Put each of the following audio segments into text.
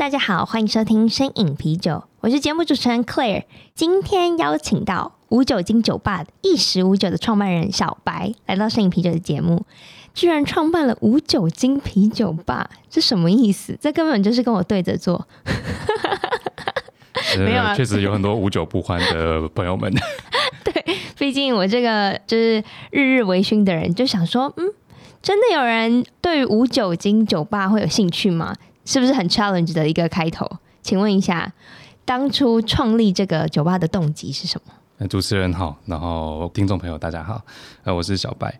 大家好，歡迎收聽《深飲啤酒》，我是節目主持人 Claire。今天邀請到無酒精酒吧的「一時無酉」的創辦人小白來到深飲啤酒的節目，居然創辦了無酒精啤酒吧，這什麼意思？這根本就是跟我對着做，沒 有，確實有很多無酒不歡的朋友們。 對，畢竟我這個就是日日微醺的人，就想說，嗯，真的有人對於無酒精酒吧會有興趣嗎？是不是很 challenge 的一個開頭？請問一下，當初創立這個酒吧的動機是什麼？呃，主持人好，然後聽眾朋友大家好，呃，我是小白。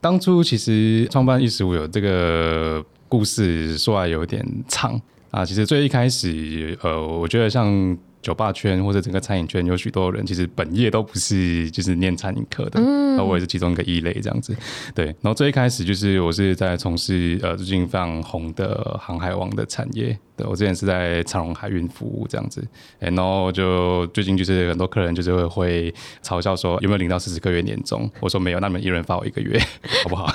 當初其實創辦一時無酉這個故事說來有點長啊，其實最一開始，呃，我覺得像，酒吧圈或者整個餐飲圈有許多人其實本業都不是就是念餐飲課的，嗯，那我也是其中一個異類這樣子。對，然後最一開始就是我是在從事呃最近非常紅的航海王的產業，對，我之前是在長榮海運服務這樣子，哎，然後就最近就是很多客人就是會嘲笑說有沒有領到四十個月年終，我說沒有，那你們一人發我一個月好不好？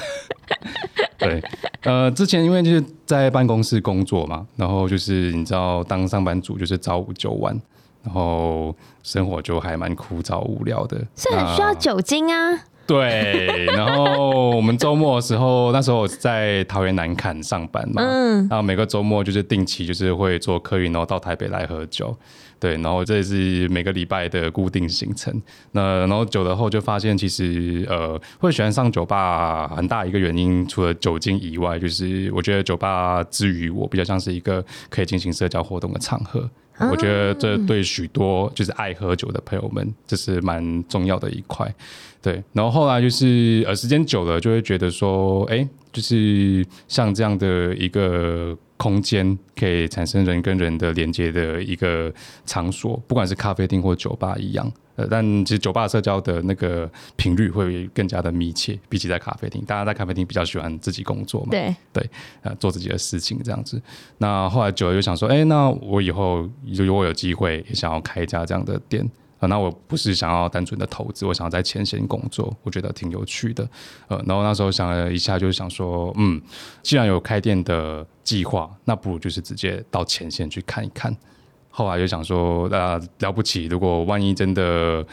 對，呃，之前因為就是在辦公室工作嘛，然後就是你知道當上班族就是朝五九晚。然後生活就還蠻枯燥無聊的，是很需要酒精啊。啊對， 然後我們周末的時候，那時候我在桃園南崁上班嘛，嗯、然後每個周末就是定期就是會坐客運，然後到台北來喝酒。對，然後這也是每個禮拜的固定行程。那然後久了後，就發現其實呃，會喜歡上酒吧很大一個原因，除了酒精以外，就是我覺得酒吧之於，我比較像是一個可以進行社交活動的場合。我覺得這對許多就是愛喝酒的朋友們，這、就是蠻重要的一塊。對，然後後來就是呃，時間久了就會覺得說，哎，就是像這樣的一個。空間可以產生人跟人的連接的一個場所，不管是咖啡廳或酒吧一樣，呃，但其實酒吧社交的那個頻率會更加的密切，比起在咖啡廳。大家在咖啡廳比較喜歡自己工作嘛，對對，呃，做自己的事情這樣子。那後來久了就想說，哎、欸，那我以後如果有機會，也想要開一家這樣的店。啊，那我不是想要單純的投資，我想要在前線工作，我覺得挺有趣的。呃，然後那時候想了一下，就是想說，嗯，既然有開店的計劃，那不如就是直接到前線去看一看。後來又想說，那，啊，了不起，如果萬一真的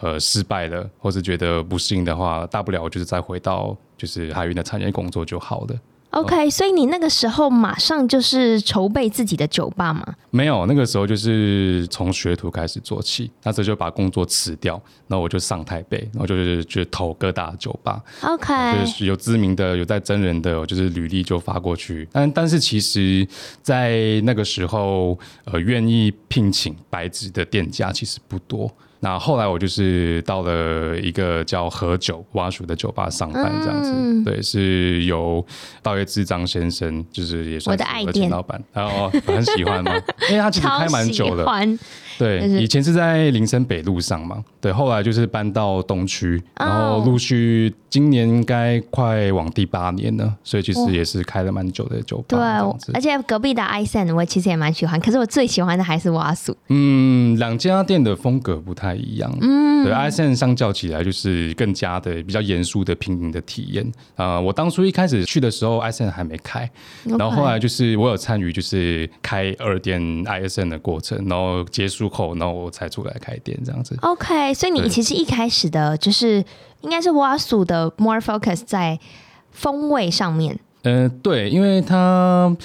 呃失敗了，或是覺得不適應的話，大不了就是再回到就是海運的產業工作就好了。OK，所以你那個時候馬上就是籌備自己的酒吧嗎？沒有，那個時候就是從學徒開始做起。那時候就把工作辭掉，然後我就上台北，然後就是去投各大酒吧。OK，就是有知名的、有在徵人的，我就是履歷就發過去。但但是其實，在那個時候，呃，願意聘請白紙的店家其實不多。那後來我就是到了一個叫何酒蛙鼠的酒吧上班這樣子，嗯、對，是由道約智章先生，就是也算是我的前老板，然後、哦哦、很喜歡嘛，因為、 欸、他其實開蠻久的。對，以前是在林森北路上嘛，對，後來就是搬到東區，哦、然後陸續今年應該快往第八年了，所以其實也是開了蠻久的酒吧的。對，而且隔壁的 ISN 我其實也蠻喜歡，可是我最喜歡的還是瓦數。嗯，兩家店的風格不太一樣。嗯，對，ISN 相較起來就是更加的比較嚴肅的平民的體驗啊、呃。我當初一開始去的時候，ISN 還沒開，然後後來就是我有參與就是開二店 ISN 的過程，然後結束。然後我才出來開店這樣子。OK，所以你其實一開始的就是對應該是挖薯的，more focus 在風味上面。嗯、呃，對，因為他。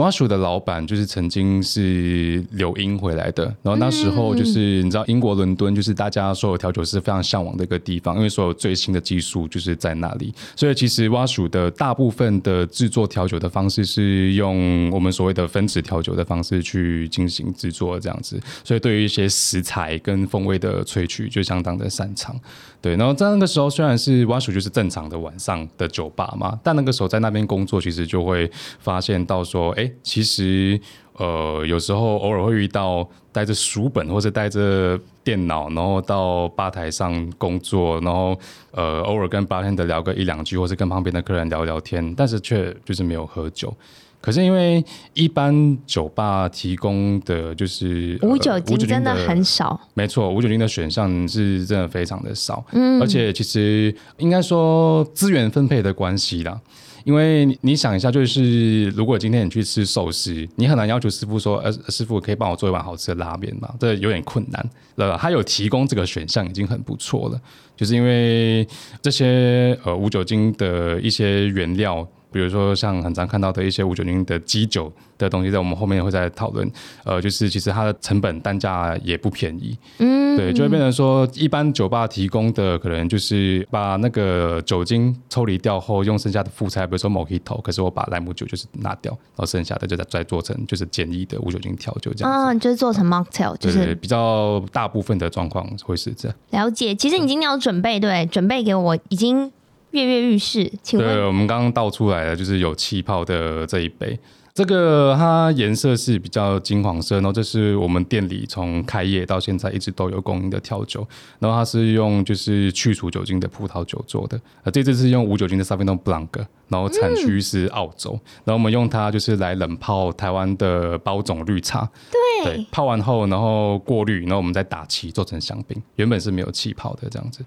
蛙鼠的老闆就是曾經是留英回來的，然後那時候就是你知道英國倫敦就是大家所有調酒師非常嚮往的一個地方，因為所有最新的技術就是在那裡。所以其實蛙鼠的大部分的製作調酒的方式是用我們所謂的分子調酒的方式去進行製作，這樣子。所以對於一些食材跟風味的萃取就相當的擅長。對，然後在那個時候雖然是蛙鼠就是正常的晚上的酒吧嘛，但那個時候在那邊工作其實就會發現到說，誒、欸。其實，呃，有時候偶爾會遇到帶着書本或者帶着電腦，然後到吧台上工作，然後呃，偶爾跟吧台的聊個一兩句，或者跟旁邊的客人聊聊天，但是卻就是沒有喝酒。可是因為一般酒吧提供的就是無酒精，真的很少。呃、無酒精的沒錯，無酒精的選項是真的非常的少。嗯，而且其實應該說資源分配的關係啦。因為你想一下，就是如果今天你去吃壽司，你很難要求師傅說，呃，師傅可以幫我做一碗好吃的拉面嗎？這有點困難了。呃，他有提供這個選項已經很不錯了，就是因為這些呃無酒精的一些原料。比如說像很常看到的一些無酒精的基酒的東西，在我們後面也會再討論。呃，就是其實它的成本單價也不便宜，嗯，對，就會變成說，一般酒吧提供的可能就是把那個酒精抽離掉後，用剩下的副菜，比如說 Mojito，可是我把萊姆酒就是拿掉，然後剩下的就再再做成就是簡易的無酒精調酒，這樣子，嗯，就是做成 mocktail，就是對對對比較大部分的狀況會是這樣。了解，其實你今天有準備，對，嗯，準備給我已經。躍躍欲試，請問？對，我們剛剛倒出來的就是有氣泡的這一杯，這個它顏色是比較金黃色，然後這是我們店裡從開業到現在一直都有供應的調酒，然後它是用就是去除酒精的葡萄酒做的，啊，這次是用無酒精的 Sauvignon Blanc，然後產區是澳洲，嗯、然後我們用它就是來冷泡台灣的包種綠茶，對，對，泡完後然後過濾，然後我們再打氣做成香檳，原本是沒有氣泡的這樣子。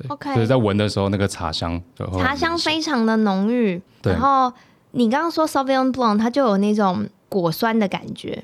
對 OK，在聞的時候，那個茶香就，茶香非常的濃郁。對，然後你剛剛說 Sauvignon Blanc 它就有那種果酸的感覺，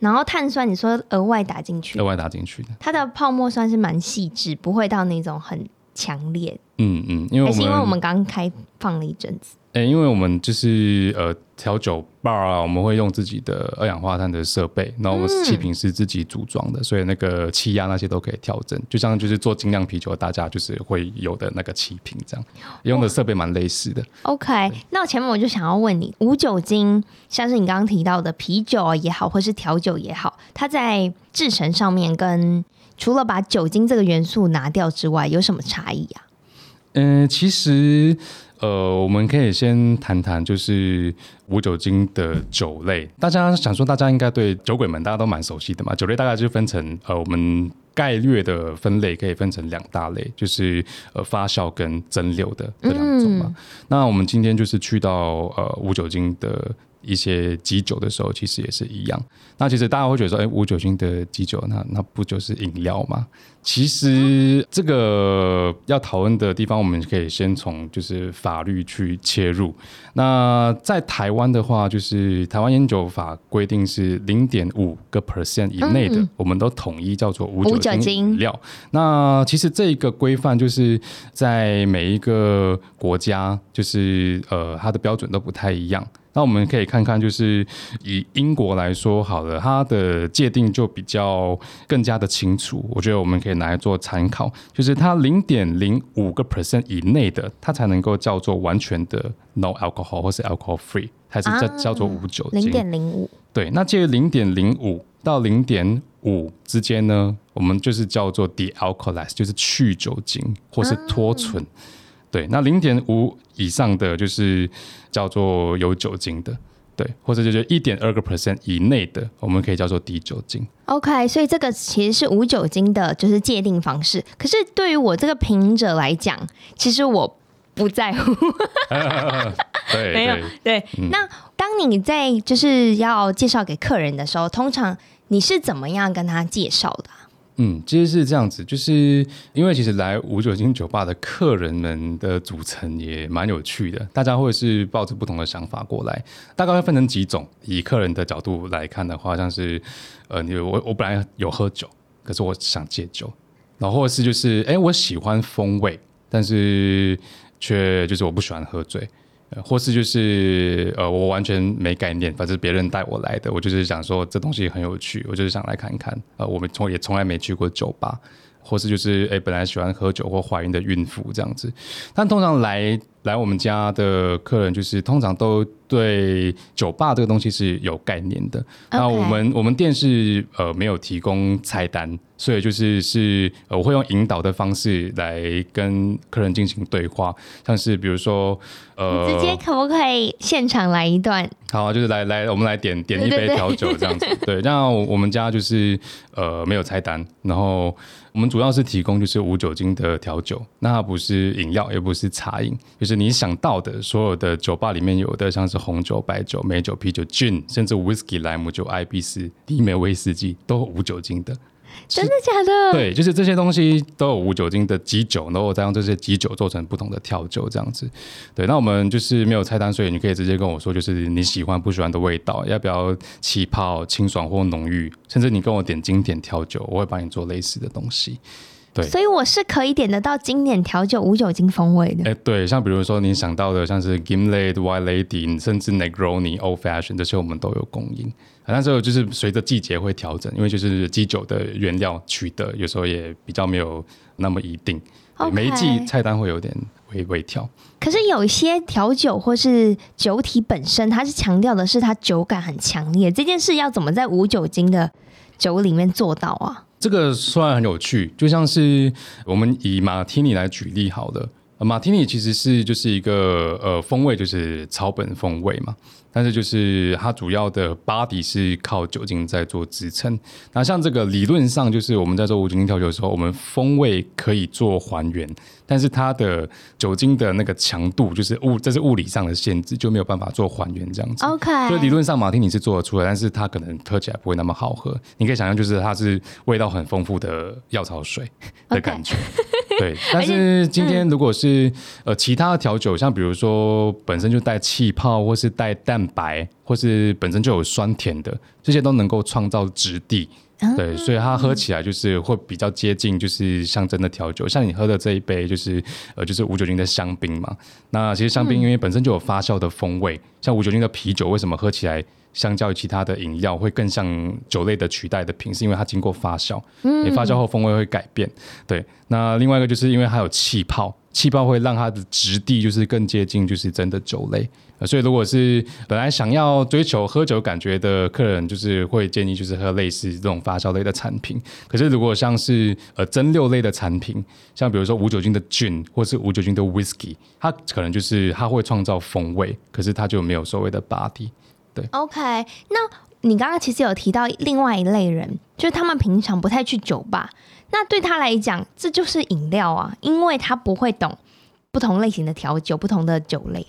然後碳酸你說額外打進去，額外打進去的，它的泡沫算是蠻細緻，不會到那種很強烈。嗯嗯，因為還是因為我們剛，剛開放了一陣子，哎、欸，因為我們就是呃。調酒 bar 啊，我們會用自己的二氧化碳的設備，然後氣瓶是自己組裝的，嗯、所以那個氣壓、啊、那些都可以調整。就像就是做精釀啤酒，大家就是會有的那個氣瓶這樣，用的設備蠻類似的。哦、對 OK，那前面我就想要問你，無酒精，像是你剛剛提到的啤酒也好，或是調酒也好，它在製程上面跟除了把酒精這個元素拿掉之外，有什麼差異啊？嗯、呃，其實。呃，我們可以先談談就是無酒精的酒類。大家想說，大家應該對酒鬼們大家都蠻熟悉的嘛。酒類大概就分成呃我們概略的分類，可以分成兩大類，就是呃發酵跟蒸餾的這兩種嘛。嗯、那我們今天就是去到呃無酒精的。一些基酒的時候，其實也是一樣。那其實大家會覺得說，哎、欸，無酒精的基酒，那那不就是飲料嗎？其實這個要討論的地方，我們可以先從就是法律去切入。那在台灣的話，就是台灣菸酒法規定是零點五個 percent 以內的，嗯嗯我們都統一叫做無酒精飲料。那其實這一個規範，就是在每一個國家，就是呃，它的標準都不太一樣。那我們可以看看，就是以英國來說，好了，它的界定就比較更加的清楚，我覺得我們可以拿來做參考，就是它零點零五個 percent 以內的，它才能夠叫做完全的 no alcohol 或是 alcohol free，還是叫做無酒精，零點零五，0. 0對。那介於零點零五到零點五之間呢，我們就是叫做 de alcoholize，就是去酒精或是脫醇。嗯對，那零點五以上的就是叫做有酒精的。對，或者就是一點二個 percent 以內的，我們可以叫做低酒精。OK，所以這個其實是無酒精的，就是界定方式。可是對於我這個品者來講，其實我不在乎， 啊、對 沒有對。嗯、那當你在就是要介紹給客人的時候，通常你是怎麼樣跟他介紹的？嗯，其實是這樣子，就是因為其實來無酒精酒吧的客人們的組成也蠻有趣的，大家會是抱着不同的想法過來，大概會分成幾種。以客人的角度來看的話，像是，呃，我我本來有喝酒，可是我想戒酒，然後或者是就是，誒，我喜歡風味，但是卻就是我不喜歡喝醉。或是就是呃，我完全沒概念，反正別人帶我來的，我就是想說這東西很有趣，我就是想來看看。呃，我們從也從來沒去過酒吧，或是就是誒、欸，本來喜歡喝酒或懷孕的孕婦這樣子，但通常來。來我們家的客人就是通常都對酒吧這個東西是有概念的。Okay. 那我們我們店是呃沒有提供菜單，所以就是是、呃、我會用引導的方式來跟客人進行對話，像是比如說呃，你直接可不可以現場來一段？好、啊，就是來來我們來點點一杯調酒這樣子。對，對，對，那 我們家就是呃沒有菜單，然後我們主要是提供就是無酒精的調酒，那它不是飲料，也不是茶飲，就是。你想到的所有的酒吧裡面有的，像是紅酒、白酒、梅酒、啤酒、琴，甚至威士忌、萊姆酒、ibis、低美威士忌，都有無酒精的。真的假的？對，就是這些東西都有無酒精的基酒，然後再用這些基酒做成不同的調酒這樣子。對，那我們就是沒有菜單，所以你可以直接跟我說，就是你喜歡不喜歡的味道，要不要氣泡、清爽或濃郁，甚至你跟我點經典調酒，我會幫你做類似的東西。對所以我是可以點得到經典調酒無酒精風味的。哎，欸、對，像比如說你想到的，像是 Gimlet、White Lady，甚至 Negroni、Old Fashioned 這些我們都有供應。很、啊、多時候就是隨着季節會調整，因為就是基酒的原料取得有時候也比較沒有那麼一定，Okay 每一季菜單會有點會微調。可是有一些調酒或是酒體本身，它是強調的是它酒感很強烈，這件事要怎麼在無酒精的？酒裡面做到啊，這個雖然很有趣，就像是我們以馬提尼來舉例，好的。馬天尼其實是就是一個呃風味，就是草本風味嘛。但是就是它主要的 body 是靠酒精在做支撐。那像這個理論上，就是我們在做無酒精調酒的時候，我們風味可以做還原，但是它的酒精的那個強度就是物，這是物理上的限制，就沒有辦法做還原這樣子。OK。所以理論上馬天尼是做得出來，但是它可能喝起來不會那麼好喝。你可以想象，就是它是味道很豐富的藥草水的感覺。Okay. 對，但是今天如果是、嗯、呃其他的調酒，像比如說本身就帶氣泡，或是帶蛋白，或是本身就有酸甜的，這些都能夠創造質地。嗯、對，所以它喝起來就是會比較接近，就是像真的調酒。嗯、像你喝的這一杯，就是呃就是無酒精的香檳嘛。那其實香檳因為本身就有發酵的風味，嗯、像無酒精的啤酒為什麼喝起來？相較於其他的飲料，會更像酒類的取代的品，是因為它經過發酵，你發酵後風味會改變。嗯、對，那另外一個就是因為它有氣泡，氣泡會讓它的質地就是更接近就是真的酒類、呃。所以如果是本來想要追求喝酒感覺的客人，就是會建議就是喝類似這種發酵類的產品。可是如果像是呃蒸餾類的產品，像比如說無酒精的琴或是無酒精的 whisky，它可能就是它會創造風味，可是它就沒有所謂的 body。OK，那你剛剛其實有提到另外一類人，就是他們平常不太去酒吧。那對他來講，這就是飲料啊，因為他不會懂不同類型的調酒、不同的酒類。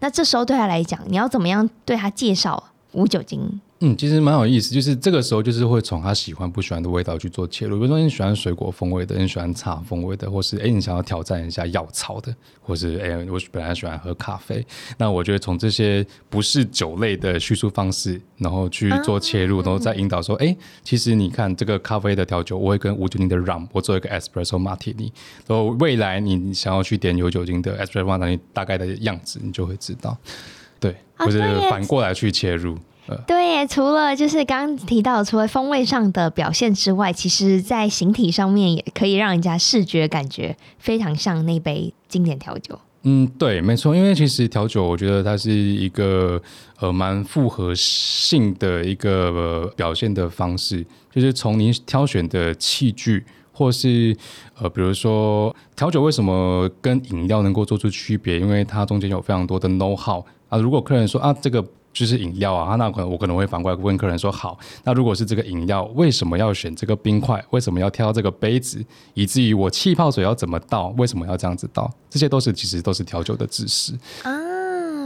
那這時候對他來講，你要怎麼樣對他介紹無酒精？嗯，其實蠻有意思，就是這個時候就是會從他喜歡不喜歡的味道去做切入。比如說你喜歡水果風味的，你喜歡茶風味的，或是誒你想要挑戰一下藥草的，或是誒我本來喜歡喝咖啡，那我覺得從這些不是酒類的敘述方式，然後去做切入，嗯、然後再引導說，哎、嗯，其實你看這個咖啡的調酒，我會跟無酒精的 rum 我做一個 espresso martini，然後未來你想要去點有酒精的 espresso martini 大概的樣子，你就會知道，對，或是反過來去切入。啊對，除了就是剛剛提到，除了風味上的表現之外，其實，在形體上面也可以讓人家視覺感覺非常像那杯經典調酒。嗯，對，沒錯，因為其實調酒，我覺得它是一個呃蠻複合性的一個、呃、表現的方式，就是從您挑選的器具，或是呃，比如說調酒為什麼跟飲料能夠做出區別？因為它中間有非常多的 know how 啊，如果客人說啊這個。就是飲料啊，那可能我可能會反過來問客人說：“好，那如果是這個飲料，為什麼要選這個冰塊？為什麼要挑這個杯子？以至於我氣泡水要怎麼倒？為什麼要這樣子倒？這些都是其實都是調酒的知識啊。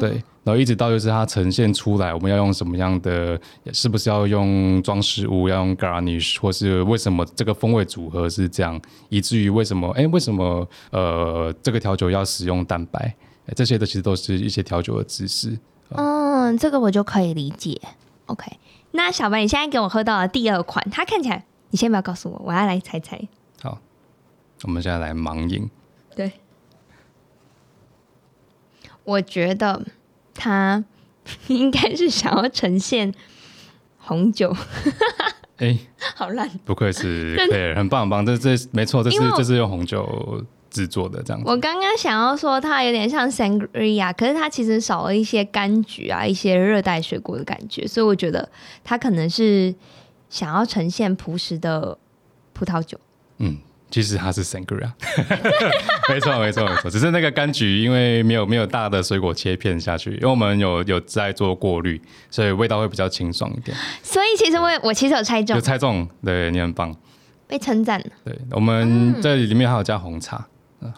對，然後一直到就是它呈現出來，我們要用什麼樣的？是不是要用裝飾物？要用 garnish 或是為什麼這個風味組合是這樣？以至於為什麼？哎，為什麼？呃，這個調酒要使用蛋白？這些都其實都是一些調酒的知識。”嗯，這個我就可以理解。OK，那小白，你現在給我喝到了第二款，它看起來，你先不要告訴我，我要來猜猜。好，我們現在來盲飲。對，我覺得它應該是想要呈現紅酒。哎、 欸，好爛！不愧是 Claire，很棒很棒。這這沒錯，這是因為 這是用紅酒製作的這樣子，我剛剛想要說它有點像 sangria，可是它其實少了一些柑橘啊，一些熱帶水果的感覺，所以我覺得它可能是想要呈現樸實的葡萄酒。嗯，其實它是 sangria， 沒錯錯 沒錯沒錯，只是那個柑橘因為沒有沒有大的水果切片下去，因為我們有有在做過濾，所以味道會比較清爽一點。所以其實我對我其實有猜中，有猜中，對，你很棒，被稱讚。對，我們這裡面還有加紅茶。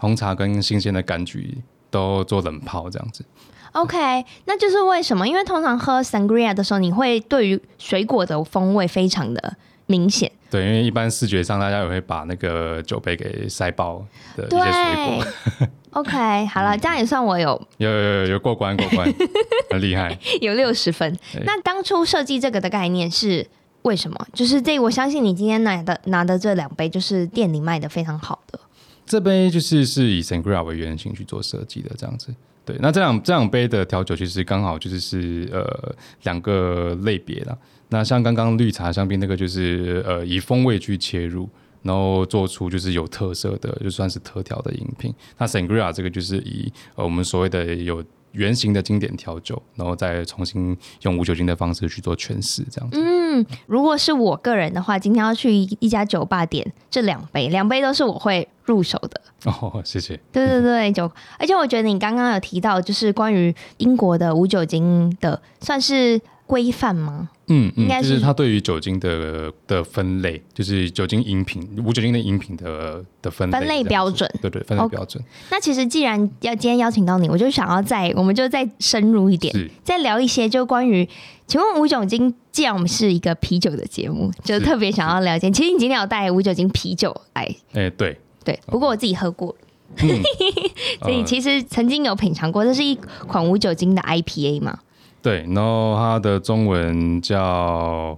紅茶跟新鮮的柑橘都做冷泡這樣子。OK，那就是為什麼？因為通常喝 Sangria 的時候，你會對於水果的風味非常的明顯。對，因為一般視覺上，大家也會把那個酒杯給塞爆的一些水果。對 OK，好了，這樣也算我有、嗯、有有有過關過關， 很厲害，有六十分。對那當初設計這個的概念是為什麼？就是這，我相信你今天拿的拿的這兩杯，就是店裡賣的非常好的。這杯就是是以 Sangria 為原型去做設計的，這樣子。對，那這兩，這兩杯的調酒其實剛好就是是呃兩個類別啦。那像剛剛綠茶香檳那個就是呃以風味去切入，然後做出就是有特色的，就算是特調的飲品。那 Sangria 這個就是以呃我們所謂的有原型的經典調酒，然後再重新用無酒精的方式去做詮釋，這樣子。嗯，如果是我個人的話，今天要去一,一家酒吧點這兩杯，兩杯都是我會入手的哦，謝謝。對對對，酒，而且我覺得你剛剛有提到，就是關於英國的無酒精的，算是規範嗎嗯？嗯，應該是,是它對於酒精的的分類，就是酒精飲品、無酒精的飲品的的分類分類標準。對,對對，分類標準。Okay. 那其實既然要今天邀請到你，我就想要再，我們就再深入一點，是再聊一些，就關於，請問無酒精，已既然我們是一個啤酒的節目，就特別想要了解，是其實你今天有帶無酒精啤酒來？哎、欸，對。對，不過我自己喝過，所以、嗯、 其實曾經有品嘗過。嗯、這是一款無酒精的 IPA 嘛？對，然後它的中文叫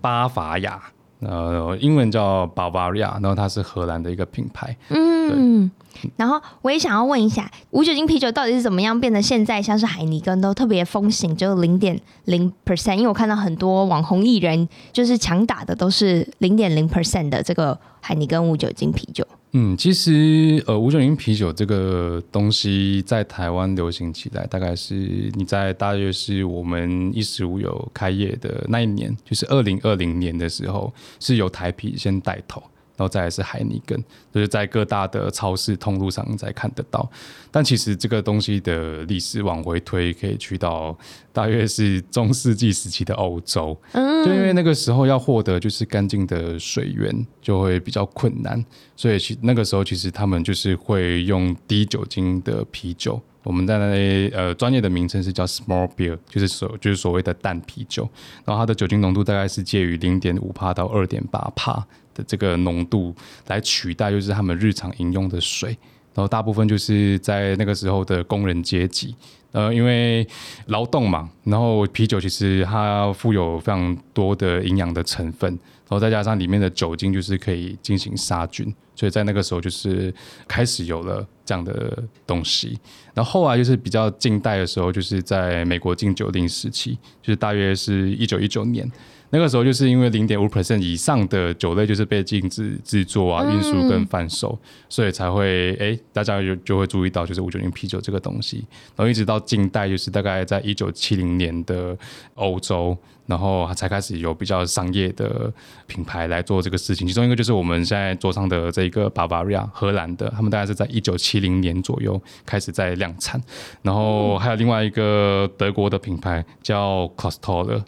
巴伐雅，呃，英文叫巴伐利亞，然後它是荷蘭的一個品牌。嗯，然後我也想要問一下，無酒精啤酒到底是怎麼樣變得現在像是海尼根都特別風行，就零點零 percent？因為我看到很多網紅藝人就是強打的都是零點零 percent 的這個海尼根無酒精啤酒。嗯，其實呃，無酒精啤酒這個東西在台灣流行起來，大概是你在大約是我們一時無酉開業的那一年，就是二零二零年的時候，是由台啤先帶頭。然後再來是海尼根，就是在各大的超市通路上你才看得到。但其實這個東西的歷史往回推，可以去到大約是中世紀時期的歐洲。嗯，就因為那個時候要獲得就是乾淨的水源就會比較困難，所以其那個時候其實他們就是會用低酒精的啤酒。我們在那裡呃專業的名稱是叫 small beer，就是所就是所謂的淡啤酒。然後它的酒精濃度大概是介於零點五趴到二點八趴。這個濃度來取代，就是他們日常飲用的水，然後大部分就是在那個時候的工人階級，呃，因為勞動嘛，然後啤酒其實它富有非常多的營養的成分，然後再加上裡面的酒精就是可以進行殺菌，所以在那個時候就是開始有了這樣的東西，然後後來就是比較近代的時候，就是在美國禁酒令時期，就是大約是一九一九年。那個時候就是因為零點五%以上的酒類就是被禁止制作啊、運輸跟販售，嗯、所以才會誒、欸，大家就就會注意到就是五九零啤酒這個東西。然後一直到近代，就是大概在一九七零年的歐洲，然後才開始有比較商業的品牌來做這個事情。其中一個就是我們現在桌上的這個 Bavaria，荷蘭的，他們大概是在一九七零年左右開始在量產。然後還有另外一個德國的品牌叫 Clausthaler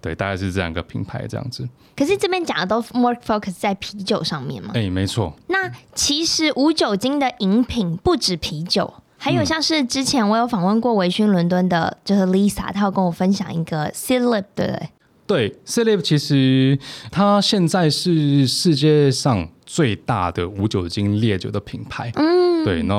對，大概是這樣一個品牌，這樣子。可是這邊講的都 more focus 在啤酒上面嘛？哎、欸，沒錯。那其實無酒精的飲品不止啤酒，還有像是之前我有訪問過維醺倫敦的，就是 Lisa，、嗯、她有跟我分享一個 Seedlip 對不對，對？Seedlip 其實它現在是世界上最大的無酒精烈酒的品牌。嗯，對。然、no、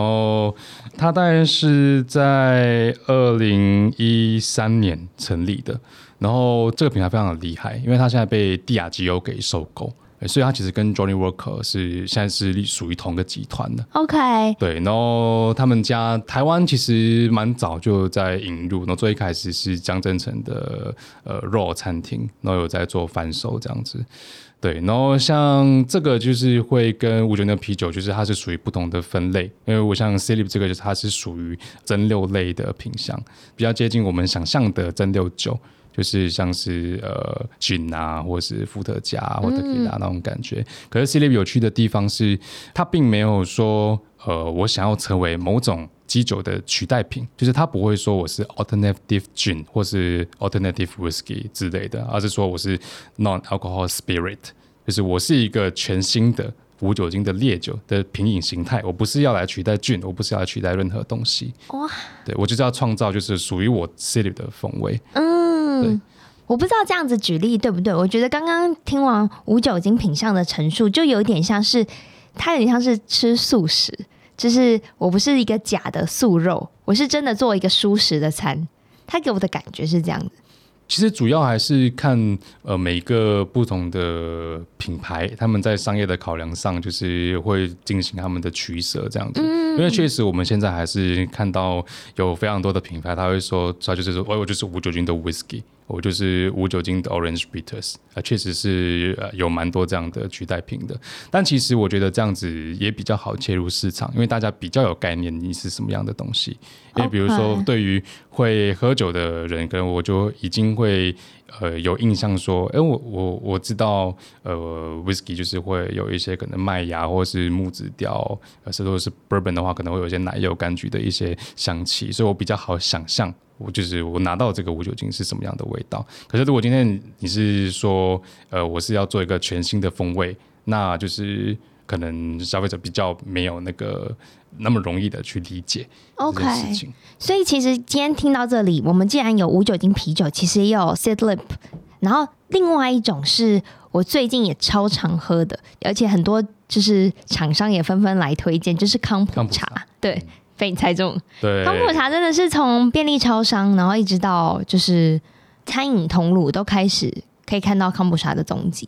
後它大概是在二零一三年成立的。然後這個品牌非常的厲害，因為它現在被帝亞吉歐給收購、欸，所以它其實跟 Johnnie Walker 是現在是屬於同個集團的。OK，對，然後他們家台灣其實蠻早就在引入，然後最一開始是江振誠的呃 RAW 餐廳，然後有在做販售這樣子。對，然後像這個就是會跟我覺得那個啤酒，就是它是屬於不同的分類，因為我像 Seedlip 這個就是它是屬於蒸餾類的品項，比較接近我們想象的蒸餾酒。9, 就是像是呃菌啊，或是伏特加、啊、或者特基拉那種感覺。嗯嗯可是 Seedlip 有趣的地方是，它並沒有說呃，我想要成為某種基酒的取代品，就是它不會說我是 Alternative Gin 或是 Alternative Whisky 之類的，而是說我是 Non-Alcohol Spirit，就是我是一個全新的無酒精的烈酒的品飲形態。我不是要來取代菌，我不是要來取代任何東西。哇，對我就是要創造就是屬於我 Seedlip 的風味。嗯。嗯，我不知道這樣子舉例對不對？我覺得剛剛聽完無酒精品相的陳述，就有點像是他有點像是吃素食，就是我不是一個假的素肉，我是真的做一個蔬食的餐，他給我的感覺是這樣子。其實主要還是看呃每個不同的品牌，他們在商業的考量上，就是會進行他們的取舍這樣子。嗯、因為確實我們現在還是看到有非常多的品牌，他會說，他就是說、欸，我就是無酒精的威士忌。」我就是無酒精的 Orange Bitters 啊、呃，確實是、呃、有蠻多這樣的取代品的。但其實我覺得這樣子也比較好切入市場，因為大家比較有概念，你是什麼樣的東西。因為比如說，對於會喝酒的人，Okay. 可能我就已經會呃有印象，說，哎、呃，我我我知道，呃，Whisky 就是會有一些可能麥芽或是木質調，呃，甚至是 Bourbon 的話，可能會有一些奶油柑橘的一些香氣，所以我比較好想象。我就是我拿到這個無酒精是什麼樣的味道？可是如果今天你是說，呃，我是要做一個全新的風味，那就是可能消費者比較沒有那個那麼容易的去理解這件事情。OK，所以其實今天聽到這裡，我們既然有無酒精啤酒，其實也有 Seedlip，然後另外一種是我最近也超常喝的，而且很多就是廠商也紛紛來推薦，就是康普茶，康普茶，對。嗯被你猜中，對康普茶真的是從便利超商，然後一直到就是餐飲通路，都開始可以看到康普茶的蹤跡。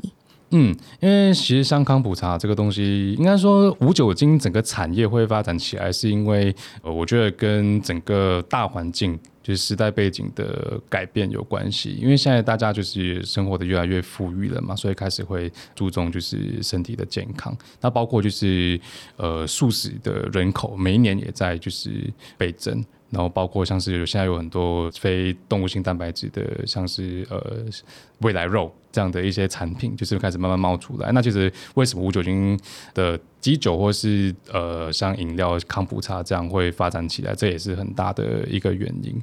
嗯，因為其實像康普茶這個東西，應該說無酒精整個產業會發展起來，是因為呃，我覺得跟整個大環境。就是時代背景的改變有關係，因為現在大家就是生活的越來越富裕了嘛，所以開始會注重就是身體的健康。那包括就是呃素食的人口每一年也在就是倍增，然後包括像是有現在有很多非動物性蛋白質的，像是呃未來肉。這樣的一些產品就是開始慢慢冒出來，那其實為什麼無酒精的基酒或是呃像飲料康普茶這樣會發展起來，這也是很大的一個原因。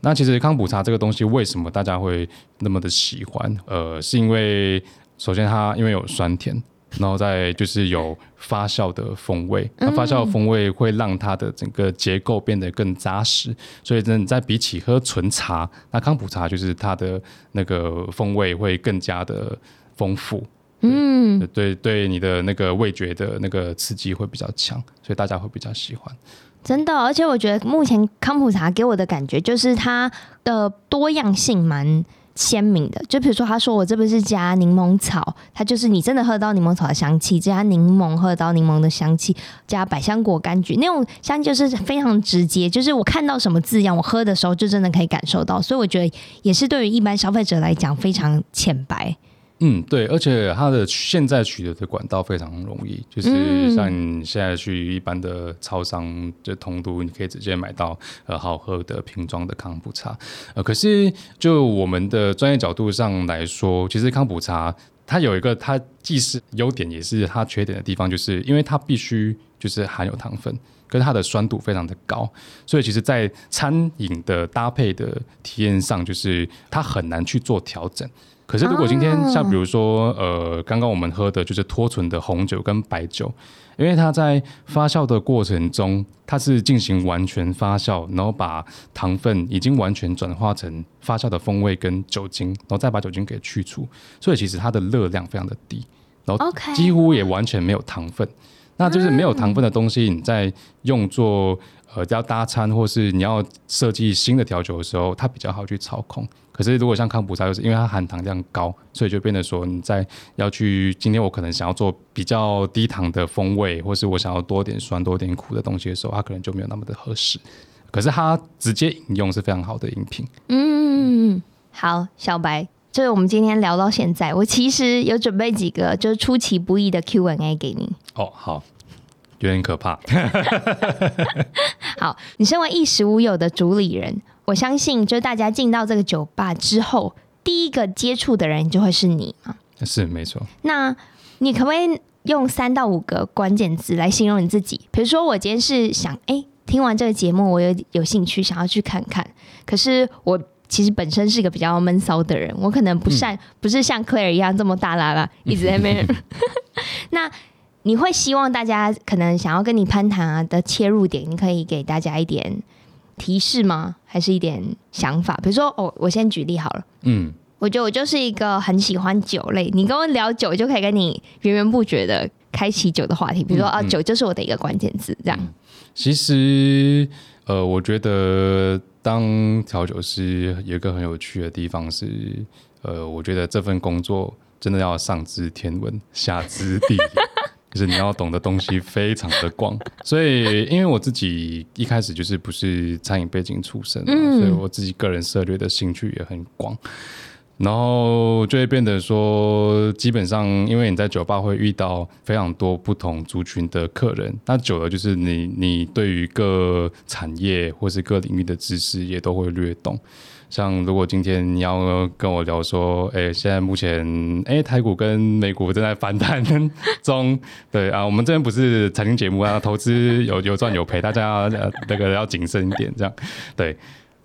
那其實康普茶這個東西為什麼大家會那麼的喜歡？呃，是因為首先它因為有酸甜。然後再就是有發酵的風味，那、嗯、發酵的風味會讓它的整個結構變得更扎實，所以你在比起喝純茶，那康普茶就是它的那個風味會更加的豐富，嗯，對對，對你的那個味覺的那個刺激會比較強，所以大家會比較喜歡。真的，而且我覺得目前康普茶給我的感覺就是它的多樣性蠻。鮮明的，就比如說，他說我這邊是加檸檬草，他就是你真的喝到檸檬草的香氣，加檸檬喝到檸檬的香氣，加百香果、柑橘那種香，就是非常直接，就是我看到什麼字樣，我喝的時候就真的可以感受到。所以我覺得也是對於一般消費者來講非常淺白。嗯，對，而且它的現在取得的管道非常容易，就是像你現在去一般的超商就通都，你可以直接買到呃好喝的瓶裝的康普茶。呃，可是就我們的專業角度上來說，其實康普茶它有一個它既是優點也是它缺點的地方，就是因為它必須就是含有糖分，可是它的酸度非常的高，所以其實，在餐飲的搭配的體驗上，就是它很難去做調整。可是，如果今天、Oh. 像比如說，呃，剛剛我們喝的就是脫醇的紅酒跟白酒，因為它在發酵的過程中，它是進行完全發酵，然後把糖分已經完全轉化成發酵的風味跟酒精，然後再把酒精給去除，所以其實它的熱量非常的低，然後幾乎也完全沒有糖分。Okay. 那就是沒有糖分的東西，你在用作。呃，要搭餐或是你要設計新的調酒的時候，它比較好去操控。可是如果像康普茶就是因為它含糖量高，所以就變得說你在要去今天我可能想要做比較低糖的風味，或是我想要多點酸、多點苦的東西的時候，它可能就沒有那麼的合適。可是它直接飲用是非常好的飲品。嗯，嗯好，小白，就是我們今天聊到現在，我其實有準備幾個就是出其不意的 Q&A 給你哦，好。覺得很可怕。 好，你身為一時無酉的主理人，我相信，就大家進到這個酒吧之後，第一個接觸的人就會是你嘛？是，沒錯。那你可不可以用三到五個關鍵字來形容你自己？比如說，我今天是想，哎、欸，聽完這個節目，我有有興趣想要去看看。可是，我其實本身是一個比較悶騷的人，我可能不善，嗯、不是像 Claire 一樣這麼大喇喇一直在人 那。你會希望大家可能想要跟你攀談啊的切入點，你可以給大家一點提示嗎？還是一點想法？比如說，我、哦、我先舉例好了。嗯，我覺得我就是一個很喜歡酒類，你跟我聊酒，就可以跟你源源不絕的開啟酒的話題。比如說啊，嗯、酒就是我的一個關鍵字。這樣，嗯、其實呃，我覺得當調酒師有一個很有趣的地方是，呃，我覺得這份工作真的要上知天文，下知地理。 就是你要懂的東西非常的廣，所以因為我自己一開始就是不是餐飲背景出身，啊，所以我自己個人涉獵的興趣也很廣，然後就會變得說，基本上因為你在酒吧會遇到非常多不同族群的客人，那久了就是你你對於各產業或是各領域的知識也都會略懂。像如果今天你要跟我聊說，哎、欸，現在目前，哎、欸，台股跟美股正在反彈中， 對啊，我們這邊不是財經節目啊，投資有有賺有賠， 大家呃那、這個要謹慎一點，這樣，對，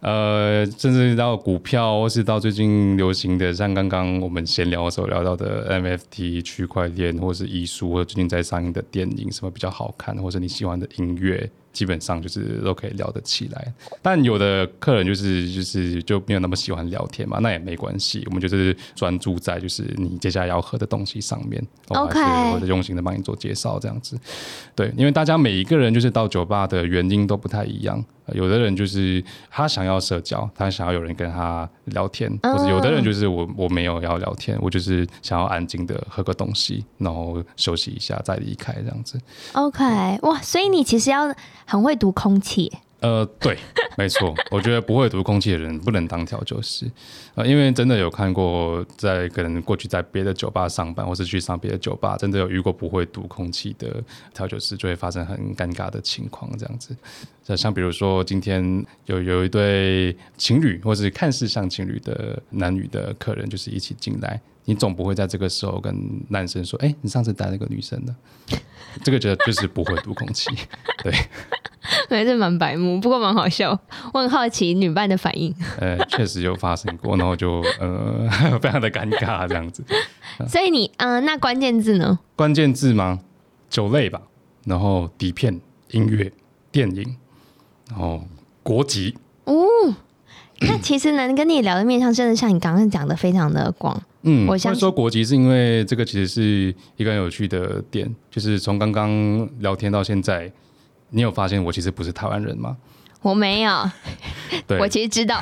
呃，甚至到股票或是到最近流行的，像剛剛我們閒聊的時候聊到的 MFT 區塊鏈，或是藝術，或者最近在上映的電影什麼比較好看，或者你喜歡的音樂。基本上就是都可以聊得起來，但有的客人就是就是就沒有那麼喜歡聊天嘛，那也沒關係。我們就是專注在就是你接下來要喝的東西上面，OK，我就用心的幫你做介紹這樣子。對，因為大家每一個人就是到酒吧的原因都不太一樣，有的人就是他想要社交，他想要有人跟他聊天，oh。或者有的人就是我我沒有要聊天，我就是想要安靜的喝個東西，然後休息一下再離開這樣子。OK，哇，所以你其實要很會讀空氣，呃，對，沒錯， 我覺得不會讀空氣的人不能當調酒師，呃，因為真的有看過在，在可能過去在別的酒吧上班，或是去上別的酒吧，真的有遇過不會讀空氣的調酒師，就會發生很尷尬的情況，這樣子。像比如說，今天有有一對情侶，或是看似像情侶的男女的客人，就是一起進來。你總不會在這個時候跟男生說：“哎、欸，你上次帶了個女生的。”這個覺得就是不會讀空氣， 對，還是蠻白目，不過蠻好笑。我很好奇女伴的反應。呃、 欸，確實有發生過，然後就呃非常的尷尬這樣子。所以你呃，那關鍵字呢？關鍵字嗎？酒類吧，然後底片、音樂、電影，然後國籍。哦。那 其實能跟你聊的面向，真的像你剛剛講的，非常的廣。嗯，我想說國籍，是因為這個其實是一個很有趣的點，就是從剛剛聊天到現在，你有發現我其實不是台灣人嗎？我沒有，對我其實知道，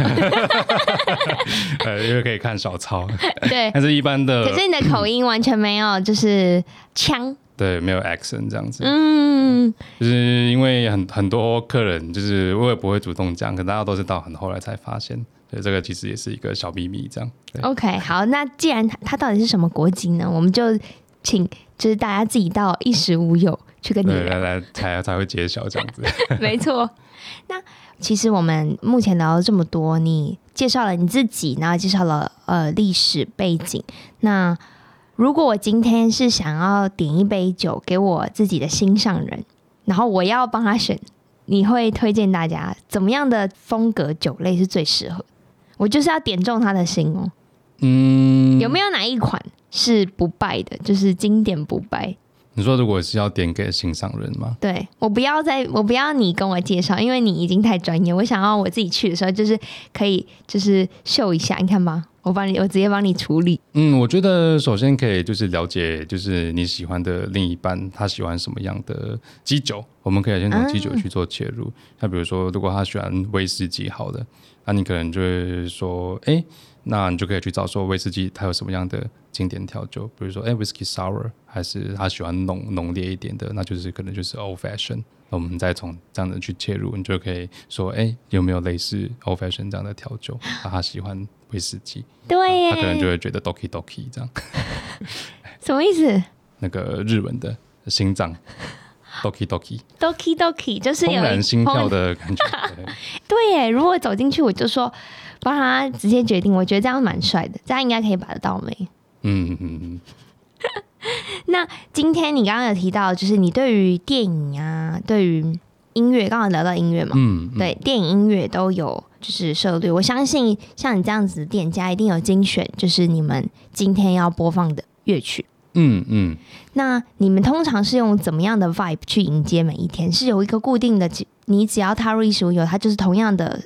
呃，因為可以看小抄。 對，但是一般的，可是你的口音完全沒有， 就是腔。對，沒有 accent 這樣子，嗯，嗯，就是因為很很多客人，就是我也不會主動講，可大家都是到很後來才發現，所以這個其實也是一個小秘密這樣。對，OK，好，那既然他，他到底是什麼國籍呢？我們就請就是大家自己到一時無酉去跟你們來來才才會揭曉這樣子。 沒錯，那其實我們目前聊了這麼多，你介紹了你自己，然後介紹了呃歷史背景，那。如果我今天是想要點一杯酒給我自己的心上人，然後我要幫他選，你會推薦大家怎麼樣的風格酒類是最適合？我就是要點中他的心哦、喔。嗯，有沒有哪一款是不敗的，就是經典不敗？你說如果是要點給心上人嗎？對，我不要再，我不要你跟我介紹，因為你已經太專業。我想要我自己去的時候，就是可以就是秀一下，你看吧？我幫你，我直接幫你處理。嗯，我覺得首先可以就是了解，就是你喜歡的另一半他喜歡什麼樣的基酒，我們可以先從基酒去做切入。那、嗯、比如說，如果他喜歡威士忌，好的，那你可能就會說，哎、欸，那你就可以去找說威士忌它有什麼樣的經典調酒，比如說，哎、欸、Whisky Sour，還是他喜歡濃濃烈一點的，那就是可能就是 Old Fashioned。我們再從這樣子去切入，你就可以說，哎，有沒有類似 Old Fashioned 這樣的調酒？他喜歡威士忌，對，他可能就會覺得 doki doki 這樣，什麼意思？那個日文的心臟，doki doki，doki doki，就是怦然心跳的感覺。對，如果走進去，我就說幫他直接決定，我覺得這樣蠻帥的，這樣應該可以把得到妹。嗯嗯嗯。那今天你剛剛有提到，就是你對於電影啊，對於音樂，剛剛聊到音樂嘛，嗯，嗯對，電影音樂都有就是涉獵。我相信像你這樣子的店家，一定有精選，就是你們今天要播放的樂曲，嗯。嗯嗯。那你們通常是用怎麼樣的 vibe 去迎接每一天？是有一個固定的，你只要踏入一時無酉，它就是同樣的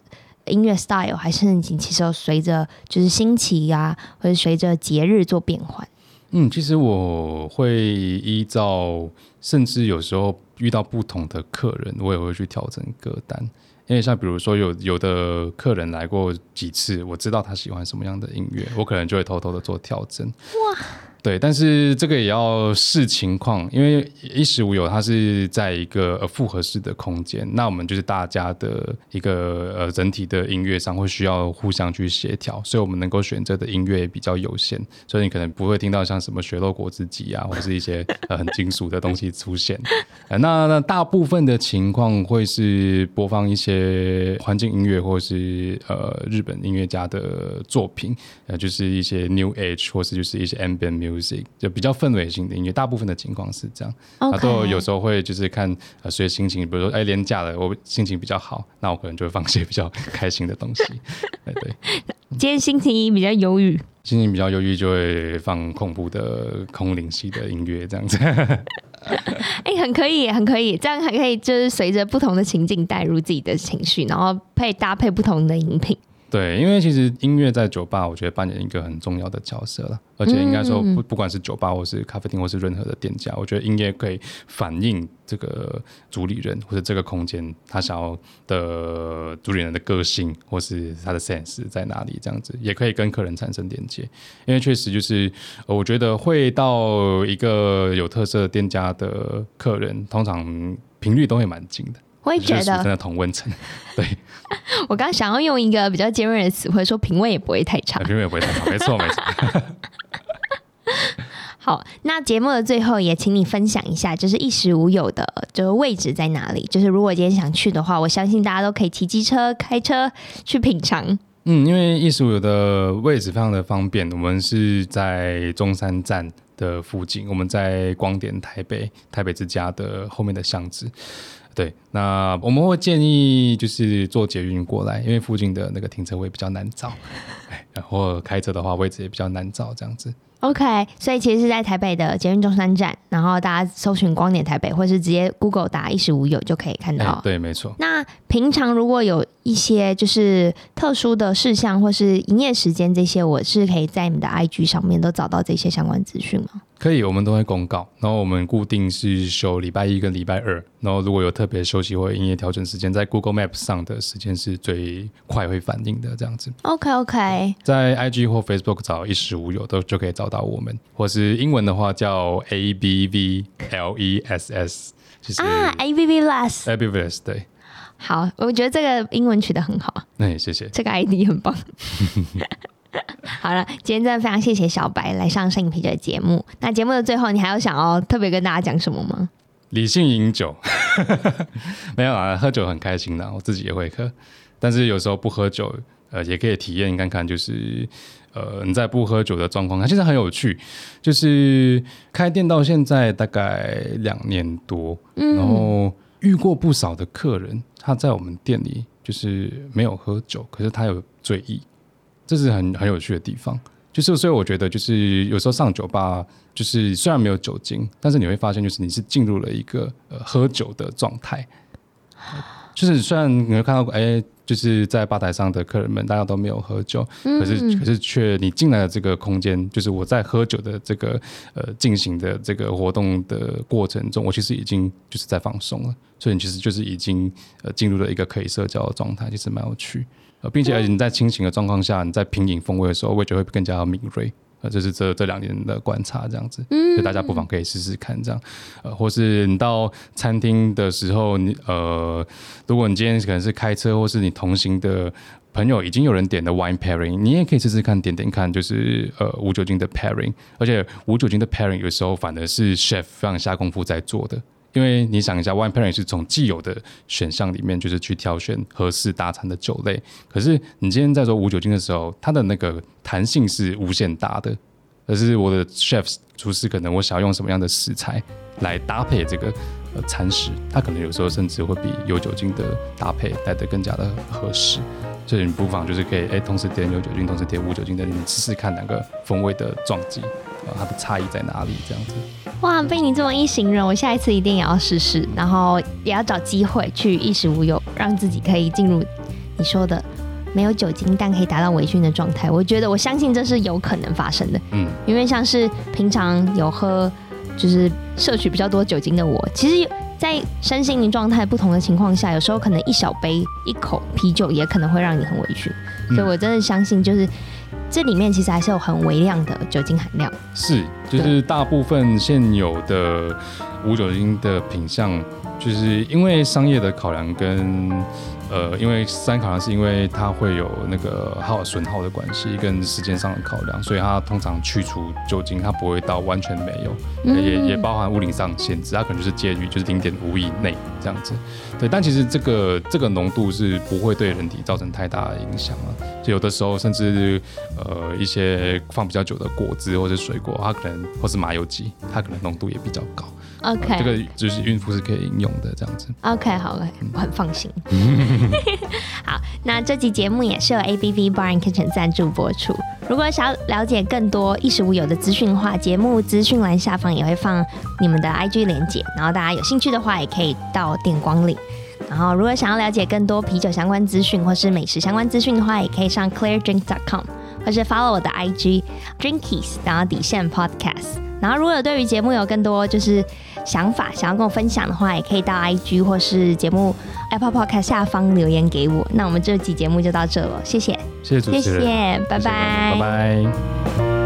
音樂 style，還是你其實隨着就是星期呀，啊，或者隨着節日做變換？嗯，其實我會依照，甚至有時候遇到不同的客人，我也會去調整歌單。因為像比如說有，有有的客人來過幾次，我知道他喜歡什麼樣的音樂，我可能就會偷偷的做調整。哇對，但是這個也要視情況，因為一時無酉，它是在一個複合式的空間，那我們就是大家的一個呃整體的音樂上會需要互相去協調，所以我們能夠選擇的音樂也比較有限，所以你可能不會聽到像什麼血肉果汁機啊，或是一些呃很金屬的東西出現。那那大部分的情況會是播放一些環境音樂，或是呃日本音樂家的作品，呃就是一些 New Age，或是就是一些 ambient。music 就比較氛圍性的音樂，大部分的情況是這樣。然後 Okay.、啊、有時候會就是看隨、呃、心情，比如說哎連假的，我心情比較好，那我可能就會放些比較開心的東西。 對，對今天心情比較憂鬱、嗯，心情比較憂鬱就會放恐怖的、空靈系的音樂這樣子。哎、 欸，很可以，很可以，這樣還可以就是隨着不同的情境帶入自己的情緒，然後配搭配不同的飲品。對，因為其實音樂在酒吧，我覺得扮演一個很重要的角色了。而且應該說不，嗯嗯嗯不不管是酒吧，或是咖啡廳或是任何的店家，我覺得音樂可以反映這個主理人或者這個空間他想要的主理人的個性，或是他的 sense 在哪裡。這樣子也可以跟客人產生連接。因為確實就是，我覺得會到一個有特色店家的客人，通常頻率都會蠻近的。我也覺得真的同溫層。對， 我剛想要用一個比較尖銳的詞彙說，品味也不會太差，品味 也不會太差，沒錯沒錯。 好，那節目的最後也請你分享一下，就是一時無酉的就是位置在哪裡？就是如果今天想去的話，我相信大家都可以騎機車、開車去品嘗。嗯，因為一時無酉的位置非常的方便，我們是在中山站的附近，我們在光點台北、台北之家的後面的巷子。對，那我們會建議就是坐捷運過來，因為附近的那個停車位比較難找， 然後開車的話位置也比較難找，這樣子。OK，所以其實是在台北的捷運中山站，然後大家搜尋“光點台北”或是直接 Google 打“一時無酉”就可以看到。哎、對，沒錯。那平常如果有一些就是特殊的事項或是營業時間這些，我是可以在你的 IG 上面都找到這些相關資訊嗎？可以，我們都會公告。然後我們固定是休禮拜一跟禮拜二。然後如果有特別休息或營業調整時間，在 Google Maps 上的時間是最快會反映的這樣子。OK OK，在 IG 或 Facebook 找一時無酉都就可以找到我們。或是英文的話叫 A B V L E S S，謝謝。 啊，A B V Less，A B V Less，對。好，我覺得這個英文取得很好。也、嗯、謝謝，這個 ID 很棒。 好了，今天真的非常謝謝小白來上《攝影啤酒》的節目。那節目的最後，你還有想要特別跟大家講什麼嗎？理性飲酒， 沒有啊，喝酒很開心的，我自己也會喝，但是有時候不喝酒，呃，也可以體驗看看，就是呃，你在不喝酒的狀況，它其實很有趣。就是開店到現在大概兩年多，嗯，然後遇過不少的客人，他在我們店裡就是沒有喝酒，可是他有醉意。這是很很有趣的地方，就是，所以我覺得，就是有時候上酒吧，就是雖然沒有酒精，但是你會發現，就是你是進入了一個呃喝酒的狀態，呃。就是雖然你會看到，哎、欸，就是在吧台上的客人們大家都沒有喝酒，嗯嗯，可是可是卻你進來的這個空間，就是我在喝酒的這個呃進行的這個活動的過程中，我其實已經就是在放鬆了，所以你其實就是已經呃進入了一個可以社交的狀態，其實蠻有趣。呃，並且你在清醒的狀況下，你在品飲風味的時候，味覺會更加的敏銳。呃，這是這這兩年的觀察，這樣子，所以大家不妨可以試試看，這樣。呃，或是你到餐廳的時候，你呃，如果你今天可能是開車，或是你同行的朋友已經有人點的 wine pairing，你也可以試試看點點看，就是呃，無酒精的 pairing。而且無酒精的 pairing 有時候反而是 chef 非常下功夫在做的。因為你想一下 wine pairing 是從既有的選項裡面，就是去挑選合適大餐的酒類。可是你今天在說無酒精的時候，它的那個彈性是無限大的。可是我的 chefs 廚師可能我想要用什麼樣的食材來搭配這個餐、呃、食，它可能有時候甚至會比有酒精的搭配來的更加的合適。所以你不妨就是可以誒，同時點有酒精，同時點無酒精的，你試試看兩個風味的撞擊，啊，它的差異在哪裡？這樣子。哇，被你這麼一形容，我下一次一定也要試試，然後也要找機會去一時無酉，讓自己可以進入你說的沒有酒精但可以達到微醺的狀態。我覺得，我相信這是有可能發生的。嗯，因為像是平常有喝，就是攝取比較多酒精的我，其實，在身心靈狀態不同的情況下，有時候可能一小杯一口啤酒也可能會讓你很微醺。所以我真的相信，就是。嗯這裡面其實還是有很微量的酒精含量。是，就是大部分現有的無酒精的品項，就是因為商業的考量跟呃，因為商業考量是因為它會有那個耗損耗的關係跟時間上的考量，所以它通常去除酒精，它不會到完全沒有，也也包含物理上限制，它可能就是介於就是零點五以內。這樣子，對，但其實這個這個濃度是不會對人體造成太大的影響啊。所以有的時候，甚至呃，一些放比較久的果汁或者水果，它可能或是麻油雞，它可能濃度也比較高。OK，、呃、這個就是孕婦是可以飲用的這樣子。OK，好了，嗯、我很放心。 好，那這集節目也是由 ABV Bar & Kitchen 贊助播出。如果想要了解更多一時無酉的資訊的話，節目資訊欄下方也會放你們的 IG 鏈接。然後大家有興趣的話，也可以到店光臨。然後，如果想要了解更多啤酒相關資訊或是美食相關資訊的話，也可以上 ClaireDrink.com。或是 follow 我的 IG Drinkies，然後底線 Podcast。然後，如果有對於節目有更多就是想法，想要跟我分享的話，也可以到 IG 或是節目 Apple Podcast 下方留言給我。那我們這集節目就到這了哦，謝謝，謝謝主持人，謝謝，拜拜，謝謝大家，拜拜。